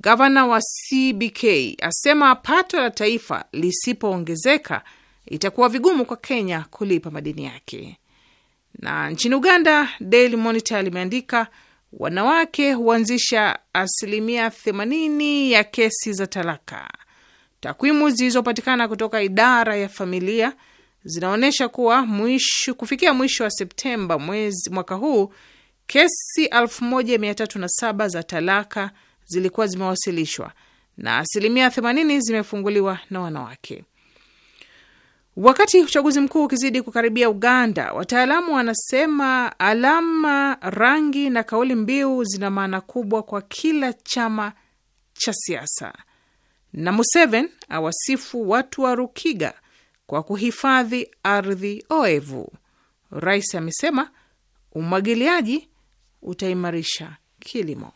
gavana wa CBK asema pato la taifa lisipoongezeka itakuwa vigumu kwa Kenya kulipa madeni yake. Na nchini Uganda, Daily Monitor limeandika wanawake huanzisha asilimia 80 ya kesi za talaka. Takwimu zilizopatikana kutoka idara ya familia zinaonyesha kuwa mwishu, kufikia mwisho wa Septemba mwezi mwaka huu kesi 1307 za talaka zilikuwa zimewasilishwa na asilimia 80 zimefunguliwa na wanawake. Wakati uchaguzi mkuu ukizidi kukaribia Uganda, wataalamu wanasema alama, rangi na kauli mbiu zina maana kubwa kwa kila chama cha siasa na Museveni awasifu watu wa Rukiga kwa kuhifadhi ardhi oevu. Rais amesema umwagiliaji utaimarisha kilimo.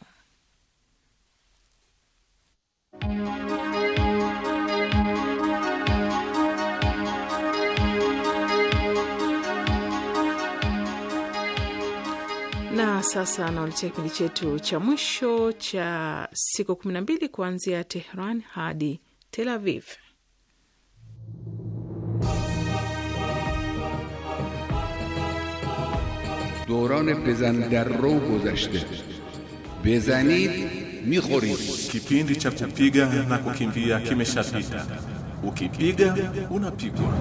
Na sasa anaoletea kipindi chetu cha mwisho cha siku 12 kuanzia Tehran hadi Tel Aviv. dorane بزن dar ro gozashte bezanid میخورید kipindi cha kupiga na kukimbia kimeshapita ukipiga unapigwa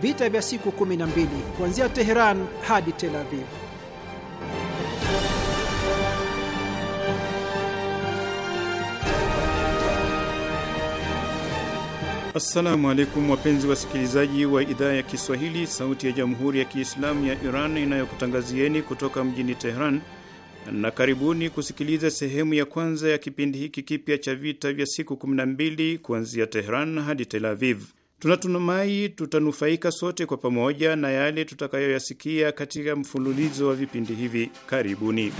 vita vya siku 12 kuanzia Teheran hadi Tel Aviv. Assalamu alaikum wapenzi wasikilizaji wa idhaa ya Kiswahili, sauti ya jamhuri ya kiislamu ya Iran inayokutangazieni kutoka mjini Teheran, na karibuni kusikiliza sehemu ya kwanza ya kipindi hiki kipya cha vita vya siku 12 kuanzia Teheran hadi Tel Aviv. Tunatumai tutanufaika sote kwa pamoja na yale tutakayoyasikia katika mfululizo wa vipindi hivi. Karibuni.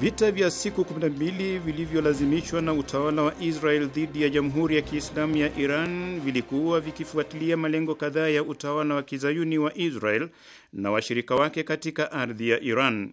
Vita vya siku 12 vilivyolazimishwa na utawala wa Israel dhidi ya Jamhuri ya Kiislamu ya Iran vilikuwa vikifuatilia malengo kadhaa ya utawala wa kizayuni wa Israel na washirika wake katika ardhi ya Iran.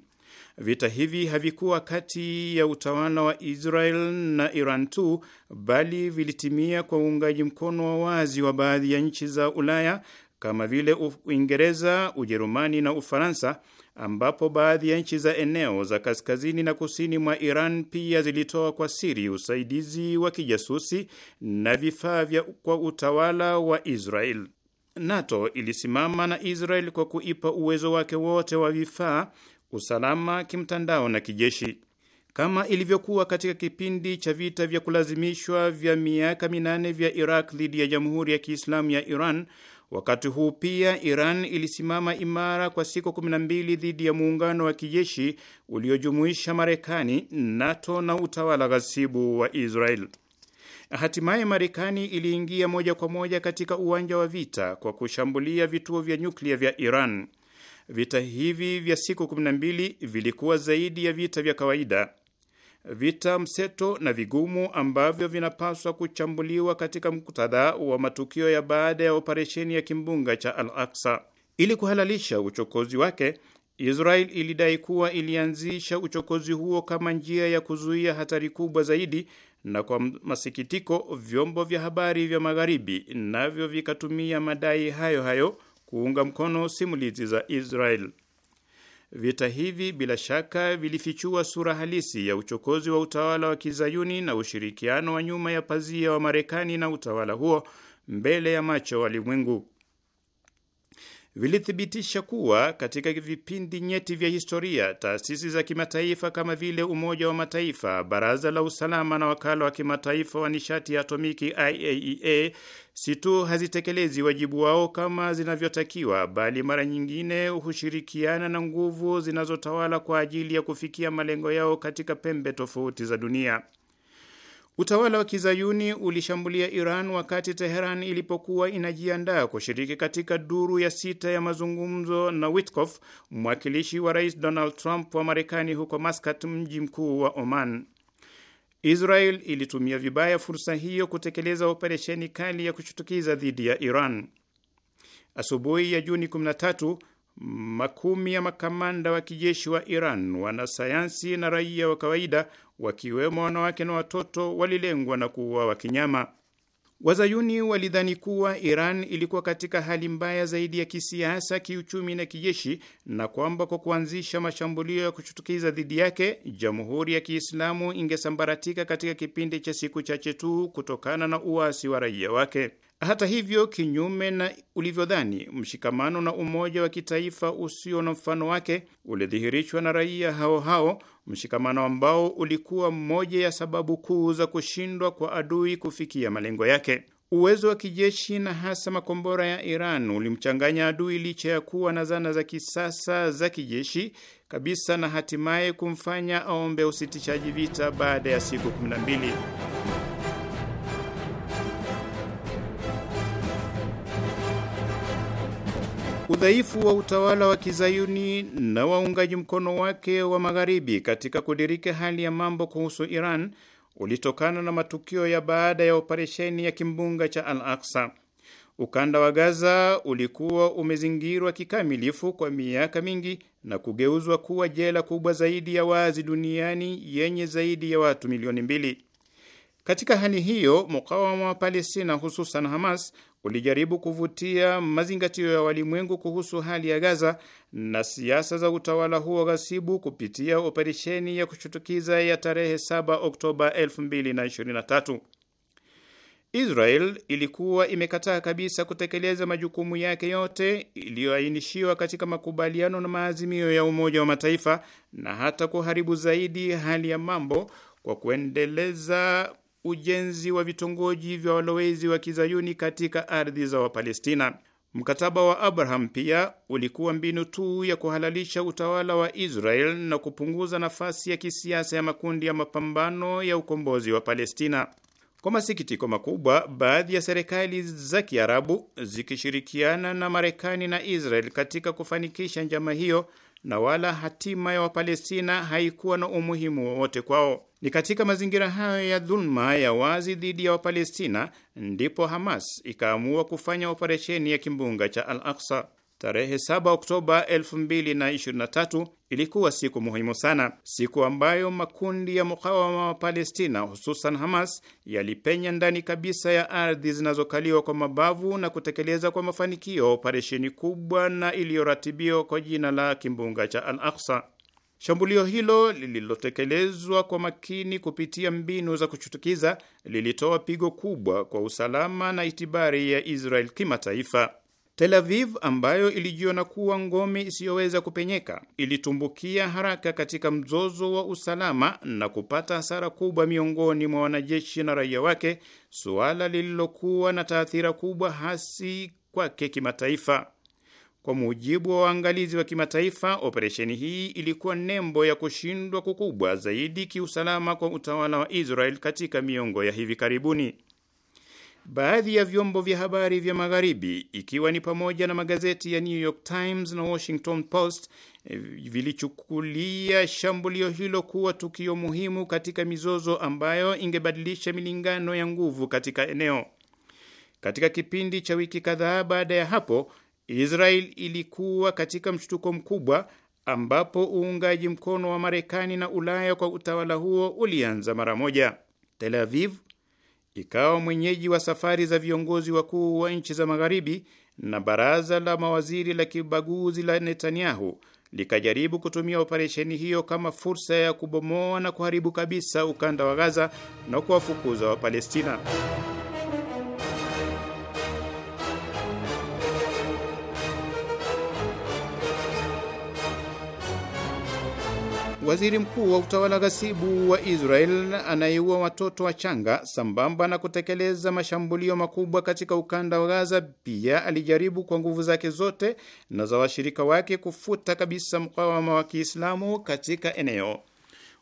Vita hivi havikuwa kati ya utawala wa Israel na Iran tu, bali vilitimia kwa uungaji mkono wa wazi wa baadhi ya nchi za Ulaya kama vile Uingereza, Ujerumani na Ufaransa ambapo baadhi ya nchi za eneo za kaskazini na kusini mwa Iran pia zilitoa kwa siri usaidizi wa kijasusi na vifaa vya kwa utawala wa Israel. NATO ilisimama na Israel kwa kuipa uwezo wake wote wa vifaa, usalama, kimtandao na kijeshi. Kama ilivyokuwa katika kipindi cha vita vya kulazimishwa vya miaka minane vya Iraq dhidi ya Jamhuri ya Kiislamu ya Iran, Wakati huu pia Iran ilisimama imara kwa siku 12 dhidi ya muungano wa kijeshi uliojumuisha Marekani, NATO na utawala ghasibu wa Israel. Hatimaye Marekani iliingia moja kwa moja katika uwanja wa vita kwa kushambulia vituo vya nyuklia vya Iran. Vita hivi vya siku 12 vilikuwa zaidi ya vita vya kawaida vita mseto na vigumu ambavyo vinapaswa kuchambuliwa katika muktadha wa matukio ya baada ya operesheni ya kimbunga cha al Aksa. Ili kuhalalisha uchokozi wake, Israel ilidai kuwa ilianzisha uchokozi huo kama njia ya kuzuia hatari kubwa zaidi, na kwa masikitiko, vyombo vya habari vya Magharibi navyo vikatumia madai hayo hayo kuunga mkono simulizi za Israel. Vita hivi bila shaka vilifichua sura halisi ya uchokozi wa utawala wa kizayuni na ushirikiano wa nyuma ya pazia wa Marekani na utawala huo mbele ya macho walimwengu vilithibitisha kuwa katika vipindi nyeti vya historia taasisi za kimataifa kama vile Umoja wa Mataifa, Baraza la Usalama na Wakala wa Kimataifa wa Nishati ya Atomiki IAEA e si tu hazitekelezi wajibu wao kama zinavyotakiwa, bali mara nyingine hushirikiana na nguvu zinazotawala kwa ajili ya kufikia malengo yao katika pembe tofauti za dunia. Utawala wa kizayuni ulishambulia Iran wakati Teheran ilipokuwa inajiandaa kushiriki katika duru ya sita ya mazungumzo na Witkoff, mwakilishi wa rais Donald Trump wa Marekani huko Maskat, mji mkuu wa Oman. Israel ilitumia vibaya fursa hiyo kutekeleza operesheni kali ya kushutukiza dhidi ya Iran. Asubuhi ya Juni 13 makumi ya makamanda wa kijeshi wa Iran, wanasayansi na raia wa kawaida, wakiwemo wanawake na watoto, walilengwa na kuuawa kinyama. Wazayuni walidhani kuwa Iran ilikuwa katika hali mbaya zaidi ya kisiasa, kiuchumi na kijeshi, na kwamba kwa kuanzisha mashambulio ya kushutukiza dhidi yake, jamhuri ya Kiislamu ingesambaratika katika kipindi cha siku chache tu kutokana na uasi wa raia wake. Hata hivyo, kinyume na ulivyodhani, mshikamano na umoja wa kitaifa usio na mfano wake ulidhihirishwa na raia hao hao, mshikamano ambao ulikuwa moja ya sababu kuu za kushindwa kwa adui kufikia malengo yake. Uwezo wa kijeshi na hasa makombora ya Iran ulimchanganya adui, licha ya kuwa na zana za kisasa za kijeshi kabisa, na hatimaye kumfanya aombe usitishaji vita baada ya siku 12. Udhaifu wa utawala wa kizayuni na waungaji mkono wake wa magharibi katika kudirika hali ya mambo kuhusu Iran ulitokana na matukio ya baada ya operesheni ya kimbunga cha Al-Aqsa. Ukanda wa Gaza ulikuwa umezingirwa kikamilifu kwa miaka mingi na kugeuzwa kuwa jela kubwa zaidi ya wazi duniani yenye zaidi ya watu milioni mbili. Katika hali hiyo, mukawama wa Palestina, hususan Hamas, ulijaribu kuvutia mazingatio ya walimwengu kuhusu hali ya Gaza na siasa za utawala huo ghasibu kupitia operesheni ya kushutukiza ya tarehe 7 Oktoba 2023. Israel ilikuwa imekataa kabisa kutekeleza majukumu yake yote iliyoainishiwa katika makubaliano na maazimio ya Umoja wa Mataifa na hata kuharibu zaidi hali ya mambo kwa kuendeleza ujenzi wa vitongoji vya walowezi wa kizayuni katika ardhi za Wapalestina. Mkataba wa Abraham pia ulikuwa mbinu tu ya kuhalalisha utawala wa Israel na kupunguza nafasi ya kisiasa ya makundi ya mapambano ya ukombozi wa Palestina. Kwa masikitiko makubwa, baadhi ya serikali za Kiarabu zikishirikiana na Marekani na Israel katika kufanikisha njama hiyo na wala hatima ya Wapalestina haikuwa na umuhimu wowote kwao. Ni katika mazingira hayo ya dhuluma ya wazi dhidi ya Wapalestina ndipo Hamas ikaamua kufanya operesheni ya kimbunga cha Al Aksa. Tarehe 7 Oktoba 2023 ilikuwa siku muhimu sana, siku ambayo makundi ya mukawama wa Palestina hususan Hamas yalipenya ndani kabisa ya ardhi zinazokaliwa kwa mabavu na kutekeleza kwa mafanikio operesheni kubwa na iliyoratibiwa kwa jina la kimbunga cha Al-Aqsa. Shambulio hilo lililotekelezwa kwa makini kupitia mbinu za kuchutukiza lilitoa pigo kubwa kwa usalama na itibari ya Israel kimataifa. Tel Aviv ambayo ilijiona kuwa ngome isiyoweza kupenyeka ilitumbukia haraka katika mzozo wa usalama na kupata hasara kubwa miongoni mwa wanajeshi na raia wake, suala lililokuwa na taathira kubwa hasi kwake kimataifa. Kwa mujibu wa waangalizi wa kimataifa, operesheni hii ilikuwa nembo ya kushindwa kukubwa zaidi kiusalama kwa utawala wa Israel katika miongo ya hivi karibuni. Baadhi ya vyombo vya habari vya Magharibi, ikiwa ni pamoja na magazeti ya New York Times na Washington Post, eh, vilichukulia shambulio hilo kuwa tukio muhimu katika mizozo ambayo ingebadilisha milingano ya nguvu katika eneo. Katika kipindi cha wiki kadhaa baada ya hapo, Israel ilikuwa katika mshtuko mkubwa ambapo uungaji mkono wa Marekani na Ulaya kwa utawala huo ulianza mara moja. Tel Aviv ikawa mwenyeji wa safari za viongozi wakuu wa nchi za Magharibi, na baraza la mawaziri la kibaguzi la Netanyahu likajaribu kutumia operesheni hiyo kama fursa ya kubomoa na kuharibu kabisa ukanda wa Gaza na kuwafukuza Wapalestina. waziri mkuu wa utawala ghasibu wa Israel anayeua watoto wachanga sambamba na kutekeleza mashambulio makubwa katika ukanda wa Gaza, pia alijaribu kwa nguvu zake zote na za washirika wake kufuta kabisa mkawama wa Kiislamu katika eneo.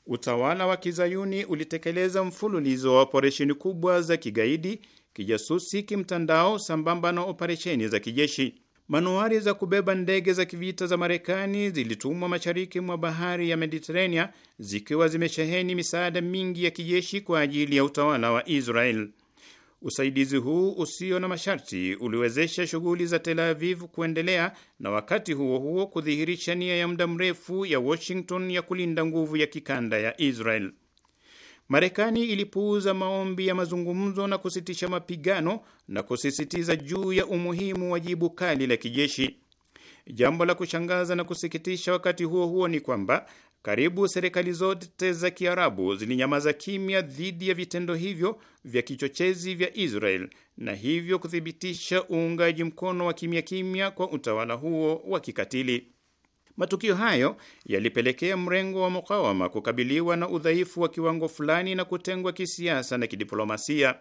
Utawala wa Kizayuni ulitekeleza mfululizo wa operesheni kubwa za kigaidi, kijasusi, kimtandao sambamba na operesheni za kijeshi. Manuari za kubeba ndege za kivita za Marekani zilitumwa mashariki mwa bahari ya Mediterania zikiwa zimesheheni misaada mingi ya kijeshi kwa ajili ya utawala wa Israel. Usaidizi huu usio na masharti uliwezesha shughuli za Tel Aviv kuendelea na wakati huo huo kudhihirisha nia ya muda mrefu ya Washington ya kulinda nguvu ya kikanda ya Israel. Marekani ilipuuza maombi ya mazungumzo na kusitisha mapigano na kusisitiza juu ya umuhimu wa jibu kali la kijeshi. Jambo la kushangaza na kusikitisha wakati huo huo ni kwamba karibu serikali zote za Kiarabu zilinyamaza kimya dhidi ya vitendo hivyo vya kichochezi vya Israel na hivyo kuthibitisha uungaji mkono wa kimya kimya kwa utawala huo wa kikatili. Matukio hayo yalipelekea mrengo wa mukawama kukabiliwa na udhaifu wa kiwango fulani na kutengwa kisiasa na kidiplomasia.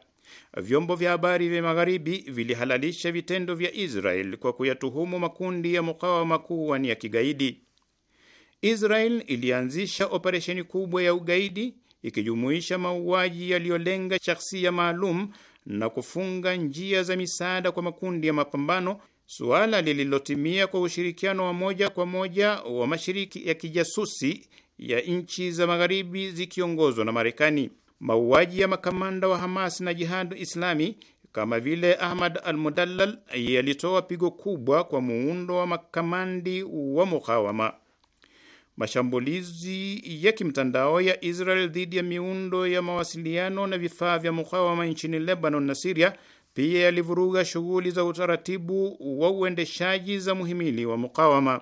Vyombo vya habari vya Magharibi vilihalalisha vitendo vya Israel kwa kuyatuhumu makundi ya mukawama kuwa ni ya kigaidi. Israel ilianzisha operesheni kubwa ya ugaidi ikijumuisha mauaji yaliyolenga shakhsia maalum na kufunga njia za misaada kwa makundi ya mapambano suala lililotimia kwa ushirikiano wa moja kwa moja wa mashiriki ya kijasusi ya nchi za magharibi zikiongozwa na Marekani. Mauaji ya makamanda wa Hamas na Jihad Islami kama vile Ahmad al-Mudallal yalitoa pigo kubwa kwa muundo wa makamandi wa mukawama. Mashambulizi ya kimtandao ya Israel dhidi ya miundo ya mawasiliano na vifaa vya mukawama nchini Lebanon na Siria pia yalivuruga shughuli za utaratibu wa uendeshaji za muhimili wa mukawama,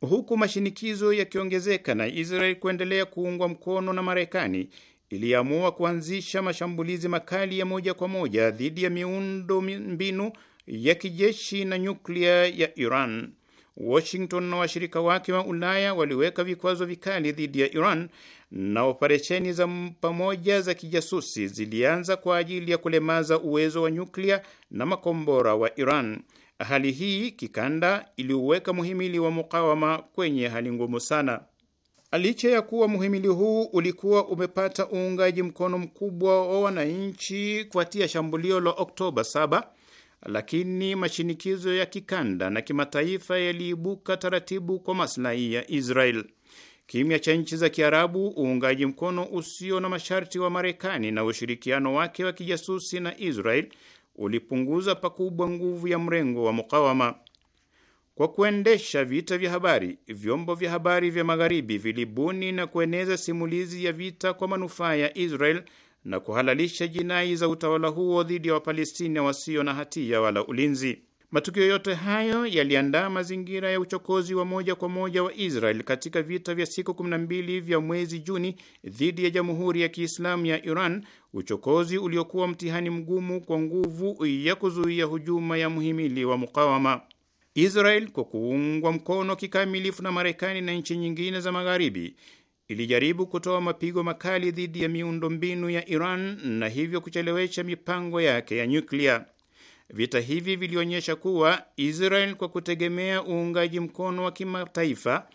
huku mashinikizo yakiongezeka na Israel kuendelea kuungwa mkono na Marekani iliamua kuanzisha mashambulizi makali ya moja kwa moja dhidi ya miundo mbinu ya kijeshi na nyuklia ya Iran. Washington na washirika wake wa Ulaya waliweka vikwazo vikali dhidi ya Iran na operesheni za pamoja za kijasusi zilianza kwa ajili ya kulemaza uwezo wa nyuklia na makombora wa Iran. Hali hii kikanda iliuweka muhimili wa mukawama kwenye hali ngumu sana. Licha ya kuwa muhimili huu ulikuwa umepata uungaji mkono mkubwa wa wananchi kufuatia shambulio la Oktoba 7, lakini mashinikizo ya kikanda na kimataifa yaliibuka taratibu kwa maslahi ya Israel kimya cha nchi za Kiarabu, uungaji mkono usio na masharti wa Marekani na ushirikiano wake wa kijasusi na Israel ulipunguza pakubwa nguvu ya mrengo wa mukawama. Kwa kuendesha vita vya habari, vyombo vya habari vya Magharibi vilibuni na kueneza simulizi ya vita kwa manufaa ya Israel na kuhalalisha jinai za utawala huo dhidi ya Wapalestina wasio na hatia wala ulinzi. Matukio yote hayo yaliandaa mazingira ya uchokozi wa moja kwa moja wa Israel katika vita vya siku 12 vya mwezi Juni dhidi ya Jamhuri ya Kiislamu ya Iran, uchokozi uliokuwa mtihani mgumu kwa nguvu ya kuzuia hujuma ya muhimili wa mukawama. Israel kwa kuungwa mkono kikamilifu na Marekani na nchi nyingine za Magharibi ilijaribu kutoa mapigo makali dhidi ya miundo mbinu ya Iran na hivyo kuchelewesha mipango yake ya nyuklia. Vita hivi vilionyesha kuwa Israel kwa kutegemea uungaji mkono wa kimataifa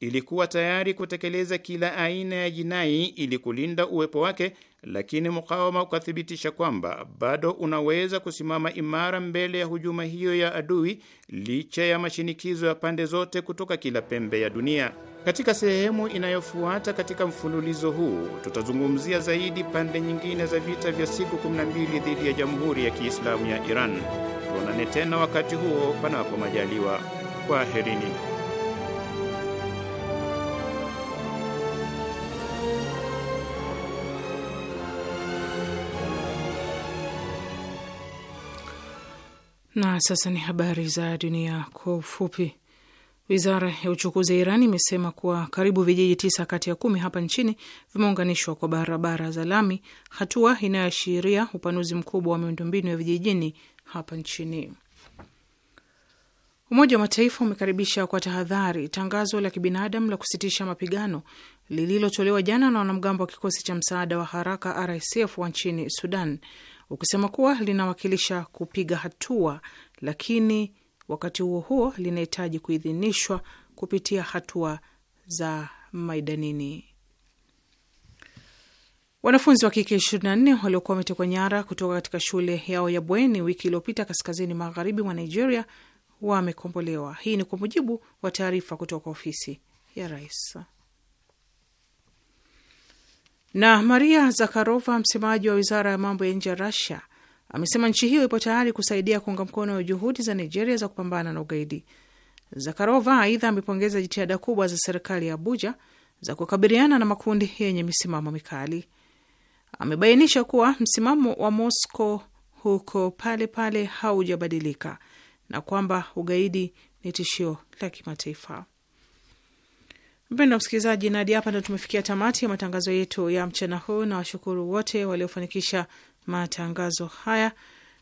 ilikuwa tayari kutekeleza kila aina ya jinai ili kulinda uwepo wake, lakini mukawama ukathibitisha kwamba bado unaweza kusimama imara mbele ya hujuma hiyo ya adui, licha ya mashinikizo ya pande zote kutoka kila pembe ya dunia. Katika sehemu inayofuata katika mfululizo huu tutazungumzia zaidi pande nyingine za vita vya siku 12 dhidi ya Jamhuri ya Kiislamu ya Iran. Tuonane tena wakati huo, panapo majaliwa. herini. Na sasa ni habari za dunia kwa ufupi. Wizara ya uchukuzi ya Iran imesema kuwa karibu vijiji tisa kati ya kumi hapa nchini vimeunganishwa kwa barabara za lami, hatua inayoashiria upanuzi mkubwa wa miundombinu ya vijijini hapa nchini. Umoja wa Mataifa umekaribisha kwa tahadhari tangazo la kibinadamu la kusitisha mapigano lililotolewa jana na wanamgambo wa kikosi cha msaada wa haraka RSF wa nchini Sudan, ukisema kuwa linawakilisha kupiga hatua, lakini Wakati huo huo, linahitaji kuidhinishwa kupitia hatua za maidanini. Wanafunzi wa kike 24 waliokuwa wametekwa nyara kutoka katika shule yao ya bweni wiki iliyopita kaskazini magharibi mwa Nigeria wamekombolewa. Hii ni kwa mujibu wa taarifa kutoka ofisi ya rais. Na Maria Zakharova, msemaji wa wizara ya mambo ya nje ya rusia amesema nchi hiyo ipo tayari kusaidia kuunga mkono juhudi za Nigeria za kupambana na ugaidi. Zakarova aidha amepongeza jitihada kubwa za serikali ya Abuja za kukabiliana na makundi yenye misimamo mikali. Amebainisha kuwa msimamo wa Moscow huko pale pale haujabadilika na kwamba ugaidi ni tishio la kimataifa. Mpendo msikilizaji, na hadi hapa ndo tumefikia tamati ya matangazo yetu ya mchana huu, na washukuru wote waliofanikisha matangazo haya.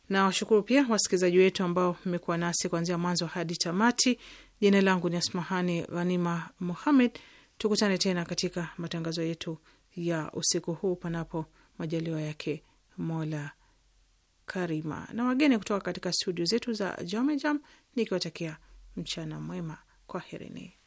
Nawashukuru pia wasikilizaji wetu ambao mmekuwa nasi kuanzia mwanzo hadi tamati. Jina langu ni Asmahani Ghanima Muhamed. Tukutane tena katika matangazo yetu ya usiku huu, panapo majaliwa yake Mola Karima, na wageni kutoka katika studio zetu za Jamejam, nikiwatakia mchana mwema. Kwaherini.